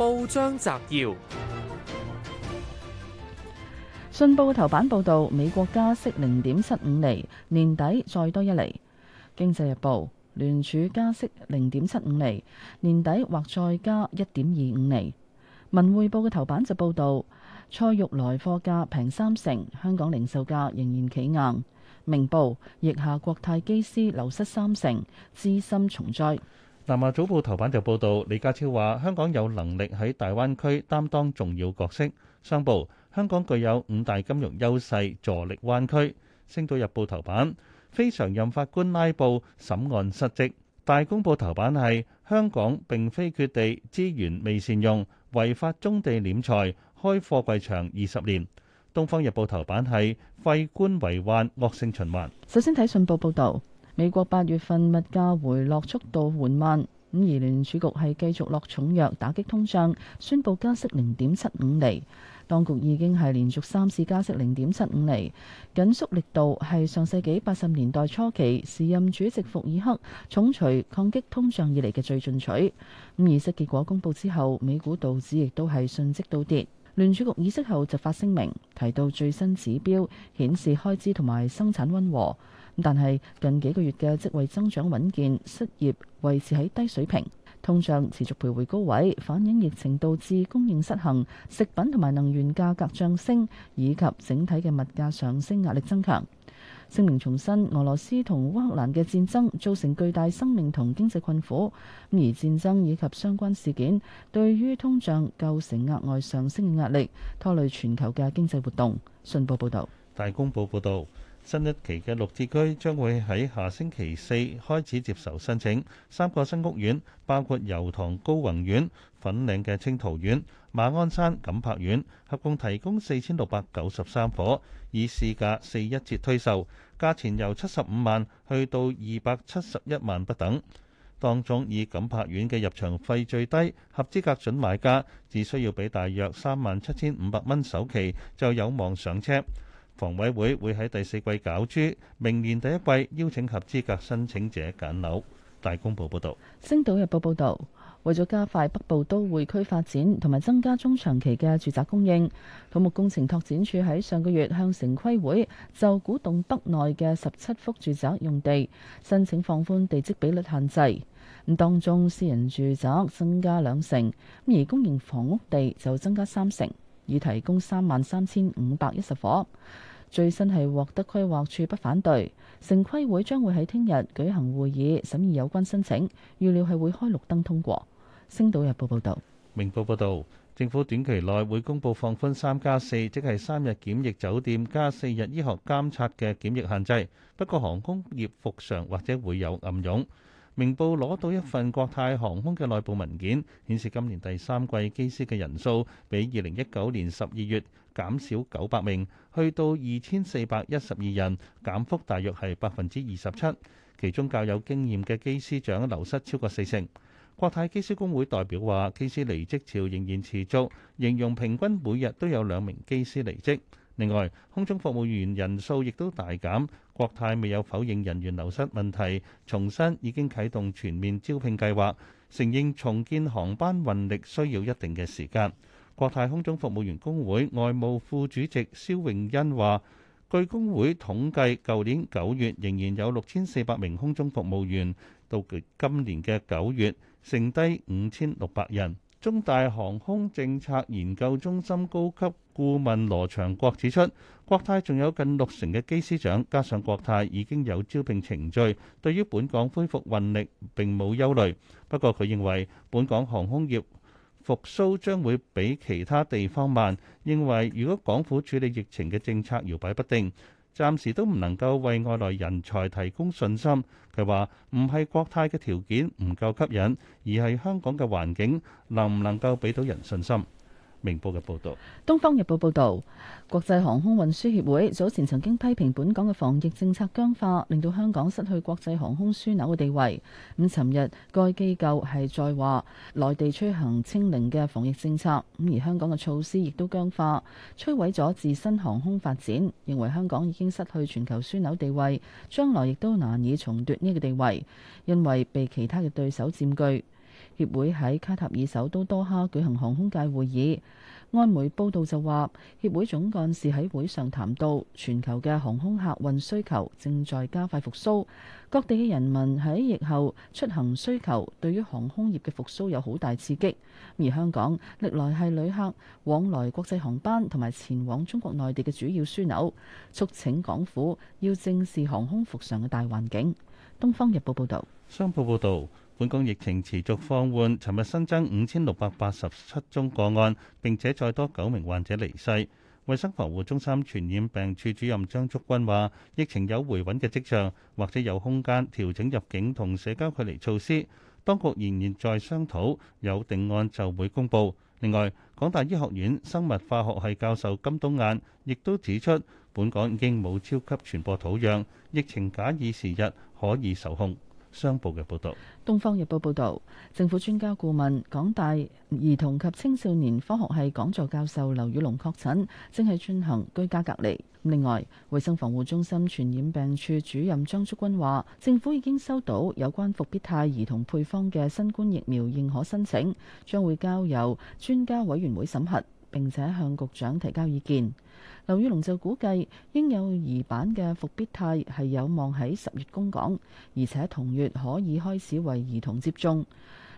報章摘要：信報頭版報道，美國加息零點七五厘，年底再多一厘。經濟日報聯儲加息零點七五厘，年底或再加一點二五厘。文匯報嘅頭版就報道，菜肉來貨價平三成，香港零售價仍然企硬。明報逆下，國泰機師流失三成，資深重災。南華早報頭版就報道，李家超話香港有能力喺大灣區擔當重要角色。商報，香港具有五大金融優勢，助力灣區。星島日報頭版，非常任法官拉布審案失職。大公報頭版係香港並非缺地，資源未善用，違法棕地斂財開貨櫃場二十年。東方日報頭版係廢官為患，惡性循環。首先睇信報報導。美國八月份物價回落速度緩慢，咁而聯儲局係繼續落重藥打擊通脹，宣布加息零點七五厘。當局已經係連續三次加息零點七五厘，緊縮力度係上世紀八十年代初期時任主席福爾克重錘抗擊通脹以嚟嘅最進取。咁議息結果公佈之後，美股道指亦都係迅即倒跌。聯儲局議息後就發聲明提到最新指標顯示開支同埋生產溫和。但係近幾個月嘅職位增長穩健，失業維持喺低水平，通脹持續徘徊高位，反映疫情導致供應失衡、食品同埋能源價格上升以及整體嘅物價上升壓力增強。聲明重申，俄羅斯同烏克蘭嘅戰爭造成巨大生命同經濟困苦，而戰爭以及相關事件對於通脹構成額外上升嘅壓力，拖累全球嘅經濟活動。信報報道。大公報報導。新一期嘅綠置居將會喺下星期四開始接受申請，三個新屋苑包括油塘高宏苑、粉嶺嘅清濤苑、馬鞍山錦柏苑，合共提供四千六百九十三伙，以市價四一折推售，價錢由七十五萬去到二百七十一萬不等。當中以錦柏苑嘅入場費最低，合資格準買家只需要俾大約三萬七千五百蚊首期，就有望上車。房委會會喺第四季攪珠，明年第一季邀請合資格申請者揀樓。大公報報道。星島日報報道，為咗加快北部都會區發展同埋增加中長期嘅住宅供應，土木工程拓展署喺上個月向城規會就古洞北內嘅十七幅住宅用地申請放寬地積比率限制。咁當中私人住宅增加兩成，而公營房屋地就增加三成。已提供三萬三千五百一十伙，最新係獲得規劃處不反對，城規會將會喺聽日舉行會議審議有關申請，預料係會開綠燈通過。星島日報報導。明報報導，政府短期內會公布放寬三加四，即係三日檢疫酒店加四日醫學監察嘅檢疫限制。不過，航空業復常或者會有暗湧。明報攞到一份國泰航空嘅內部文件，顯示今年第三季機師嘅人數比二零一九年十二月減少九百名，去到二千四百一十二人，減幅大約係百分之二十七。其中較有經驗嘅機師長流失超過四成。國泰機師工會代表話，機師離職潮仍然持續，形容平均每日都有兩名機師離職。另外，空中服務員人數亦都大減，國泰未有否認人員流失問題，重新已經啟動全面招聘計劃，承認重建航班運力需要一定嘅時間，國泰空中服務員工會外務副主席肖永欣話，據工會統計，舊年九月仍然有六千四百名空中服務員，到今年嘅九月剩低五千六百人。中大航空政策研究中心高級顧問羅祥國指出，國泰仲有近六成嘅機師長，加上國泰已經有招聘程序，對於本港恢復運力並冇憂慮。不過，佢認為本港航空業復甦將會比其他地方慢，認為如果港府處理疫情嘅政策搖擺不定。暫時都唔能夠為外來人才提供信心。佢話：唔係國泰嘅條件唔夠吸引，而係香港嘅環境能唔能夠畀到人信心。明報嘅報導，《東方日報》報導，國際航空運輸協會早前曾經批評本港嘅防疫政策僵化，令到香港失去國際航空樞紐嘅地位。咁，尋日該機構係再話，內地推行清零嘅防疫政策，咁而香港嘅措施亦都僵化，摧毀咗自身航空發展，認為香港已經失去全球樞紐地位，將來亦都難以重奪呢個地位，因為被其他嘅對手佔據。協會喺卡塔爾首都多哈舉行航空界會議，安媒報道就話，協會總幹事喺會上談到，全球嘅航空客運需求正在加快復甦，各地嘅人民喺疫後出行需求對於航空業嘅復甦有好大刺激。而香港歷來係旅客往來國際航班同埋前往中國內地嘅主要樞紐，促請港府要正視航空復常嘅大環境。《東方日報》報道，《商報》報道。本港疫情持續放緩，尋日新增五千六百八十七宗個案，並且再多九名患者離世。衛生防護中心傳染病處主任張竹君話：疫情有回穩嘅跡象，或者有空間調整入境同社交距離措施。當局仍然在商討，有定案就會公佈。另外，港大醫學院生物化學系教授金冬雁亦都指出，本港已經冇超級傳播土壤，疫情假以時日可以受控。商報嘅報導，《東方日報》報道，政府專家顧問、港大兒童及青少年科學系講座教授劉宇龍確診，正喺進行居家隔離。另外，衛生防護中心傳染病處主任張竹君話，政府已經收到有關復必泰兒童配方嘅新冠疫苗認可申請，將會交由專家委員會審核。並且向局長提交意見。劉宇龍就估計，嬰幼兒版嘅復必泰係有望喺十月供港，而且同月可以開始為兒童接種。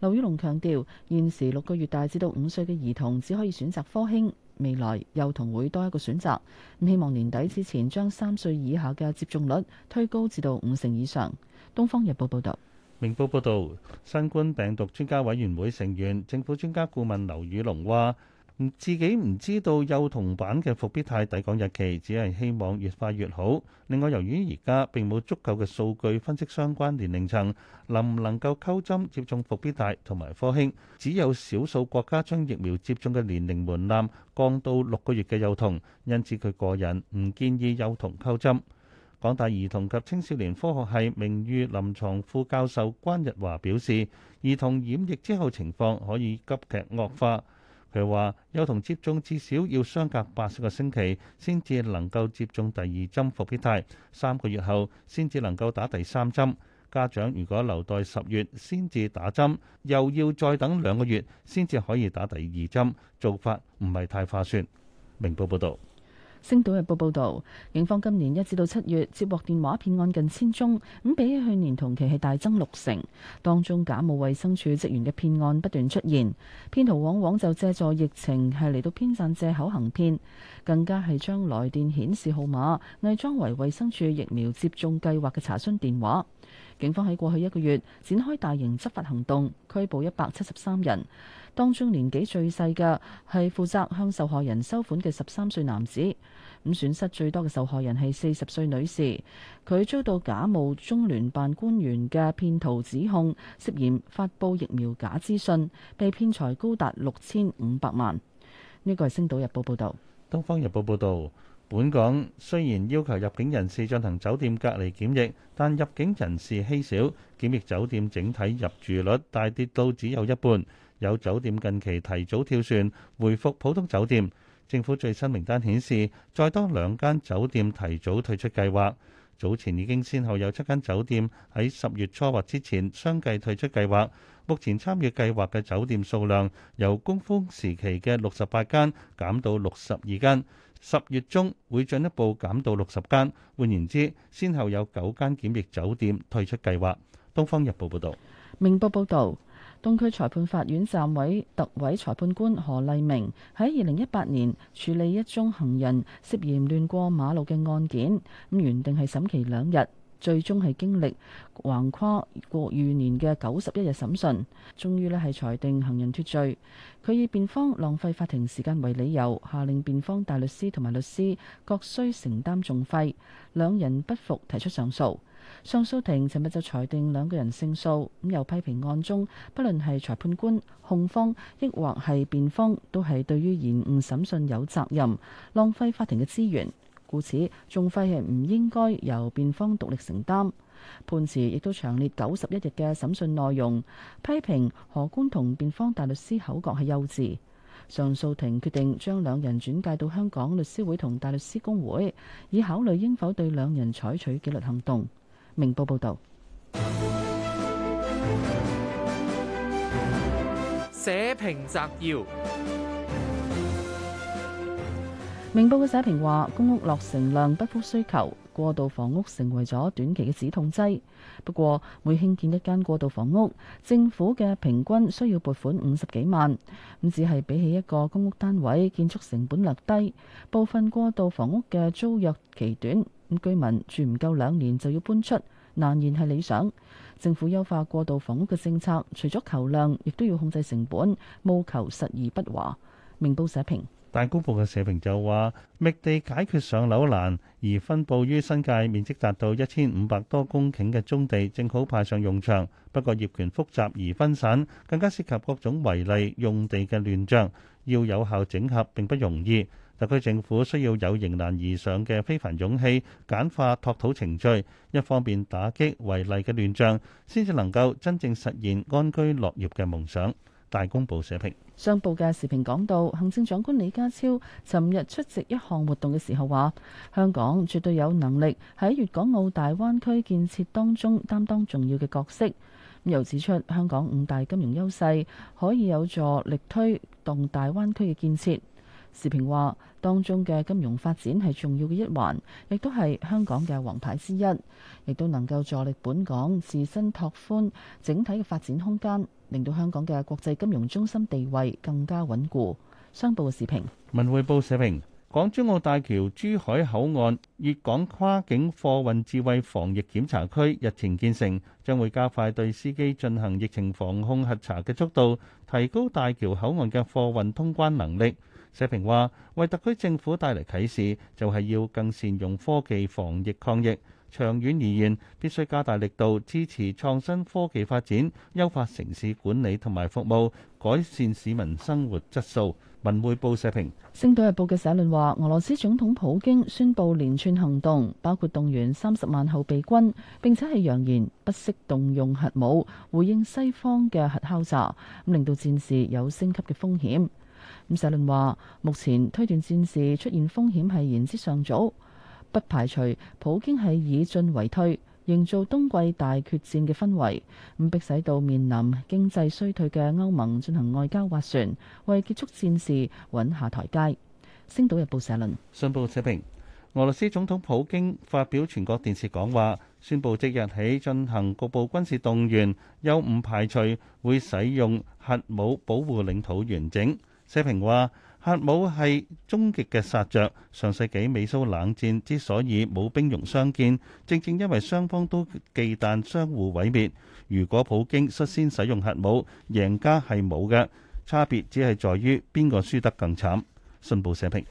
劉宇龍強調，現時六個月大至到五歲嘅兒童只可以選擇科興，未來幼童會多一個選擇。希望年底之前將三歲以下嘅接種率推高至到五成以上。《東方日報》報導，《明報》報導，新冠病毒專家委員會成員、政府專家顧問劉宇龍話。唔自己唔知道，幼童版嘅復必泰抵港日期，只係希望越快越好。另外，由於而家並冇足夠嘅數據分析，相關年齡層能唔能夠溝針接種復必泰同埋科興，只有少數國家將疫苗接種嘅年齡門檻降到六個月嘅幼童，因此佢個人，唔建議幼童溝針。港大兒童及青少年科學系名譽臨牀副教授關日華表示，兒童染疫之後情況可以急劇惡化。佢話：幼童接種至少要相隔八個星期，先至能夠接種第二針復必泰。三個月後，先至能夠打第三針。家長如果留待十月先至打針，又要再等兩個月先至可以打第二針，做法唔係太划算。明報報導。星島日報報道，警方今年一至到七月接獲電話騙案近千宗，咁比起去年同期係大增六成。當中，假冒衛生署職員嘅騙案不斷出現，騙徒往往就借助疫情係嚟到編撰借口行騙，更加係將來電顯示號碼偽裝為衛生署疫苗接種計劃嘅查詢電話。警方喺過去一個月展開大型執法行動，拘捕一百七十三人。當中年紀最細嘅係負責向受害人收款嘅十三歲男子，咁損失最多嘅受害人係四十歲女士，佢遭到假冒中聯辦官員嘅騙徒指控，涉嫌發布疫苗假資訊，被騙財高達六千五百萬。呢個係《星島日報》報道，《東方日報》報道，本港雖然要求入境人士進行酒店隔離檢疫，但入境人士稀少，檢疫酒店整體入住率大跌到只有一半。有酒店近期提早跳船，回復普通酒店。政府最新名單顯示，再多兩間酒店提早退出計劃，早前已經先後有七間酒店喺十月初或之前相繼退出計劃，目前參與計劃嘅酒店數量由高峰時期嘅六十八間減到六十二間，十月中會進一步減到六十間，換言之，先後有九間檢疫酒店退出計劃。東方日報報道，明報報道。東區裁判法院站委特委裁判官何麗明喺二零一八年處理一宗行人涉嫌亂過馬路嘅案件，咁原定係審期兩日。最終係經歷橫跨過逾年嘅九十一日審訊，終於咧係裁定行人脫罪。佢以辯方浪費法庭時間為理由，下令辯方大律師同埋律師各須承擔重費。兩人不服提出上訴，上訴庭尋日就裁定兩個人勝訴。咁又批評案中，不論係裁判官、控方抑或係辯方，都係對於延誤審訊有責任，浪費法庭嘅資源。故此，仲費係唔應該由辯方獨立承擔。判詞亦都詳列九十一日嘅審訊內容，批評何官同辯方大律師口角係幼稚。上訴庭決定將兩人轉介到香港律師會同大律師公會，以考慮應否對兩人採取紀律行動。明報報導。社評摘要。明報嘅社評話：公屋落成量不敷需求，過渡房屋成為咗短期嘅止痛劑。不過，每興建一間過渡房屋，政府嘅平均需要撥款五十幾萬，咁只係比起一個公屋單位建築成本略低。部分過渡房屋嘅租約期短，居民住唔夠兩年就要搬出，難言係理想。政府優化過渡房屋嘅政策，除咗求量，亦都要控制成本，務求實而不華。明報社評。大公報嘅社評就話覓地解決上樓難，而分布於新界面積達到一千五百多公頃嘅宗地，正好派上用場。不過業權複雜而分散，更加涉及各種違例用地嘅亂象，要有效整合並不容易。特區政府需要有迎難而上嘅非凡勇氣，簡化拓土程序，一方面打擊違例嘅亂象，先至能夠真正實現安居樂業嘅夢想。大公報社評上報嘅視頻講到，行政長官李家超尋日出席一項活動嘅時候話，香港絕對有能力喺粵港澳大灣區建設當中擔當重要嘅角色，又指出香港五大金融優勢可以有助力推動大灣區嘅建設。時評話，當中嘅金融發展係重要嘅一環，亦都係香港嘅王牌之一，亦都能夠助力本港自身拓寬整體嘅發展空間，令到香港嘅國際金融中心地位更加穩固。商報時評，文匯報社評：港珠澳大橋珠海口岸粵港跨境貨運智慧防疫檢查區日前建成，將會加快對司機進行疫情防控核查嘅速度，提高大橋口岸嘅貨運通關能力。社評話：為特區政府帶嚟啟示，就係、是、要更善用科技防疫抗疫。長遠而言，必須加大力度支持創新科技發展，優化城市管理同埋服務，改善市民生活質素。文匯報社評，《星島日報》嘅社論話：俄羅斯總統普京宣布連串行動，包括動員三十萬後備軍，並且係揚言不惜動用核武，回應西方嘅核敲詐，令到戰事有升級嘅風險。五社論話：目前推斷戰事出現風險係言之尚早，不排除普京係以進為退，營造冬季大決戰嘅氛圍，咁迫使到面臨經濟衰退嘅歐盟進行外交斡旋，為結束戰事搵下台階。星島日報社論。信報社評：俄羅斯總統普京發表全國電視講話，宣布即日起進行局部軍事動員，又唔排除會使用核武保護領土完整。社評話：核武係終極嘅殺着，上世紀美蘇冷戰之所以冇兵戎相見，正正因為雙方都忌憚相互毀滅。如果普京率先使用核武，贏家係冇嘅，差別只係在於邊個輸得更慘。信報社評。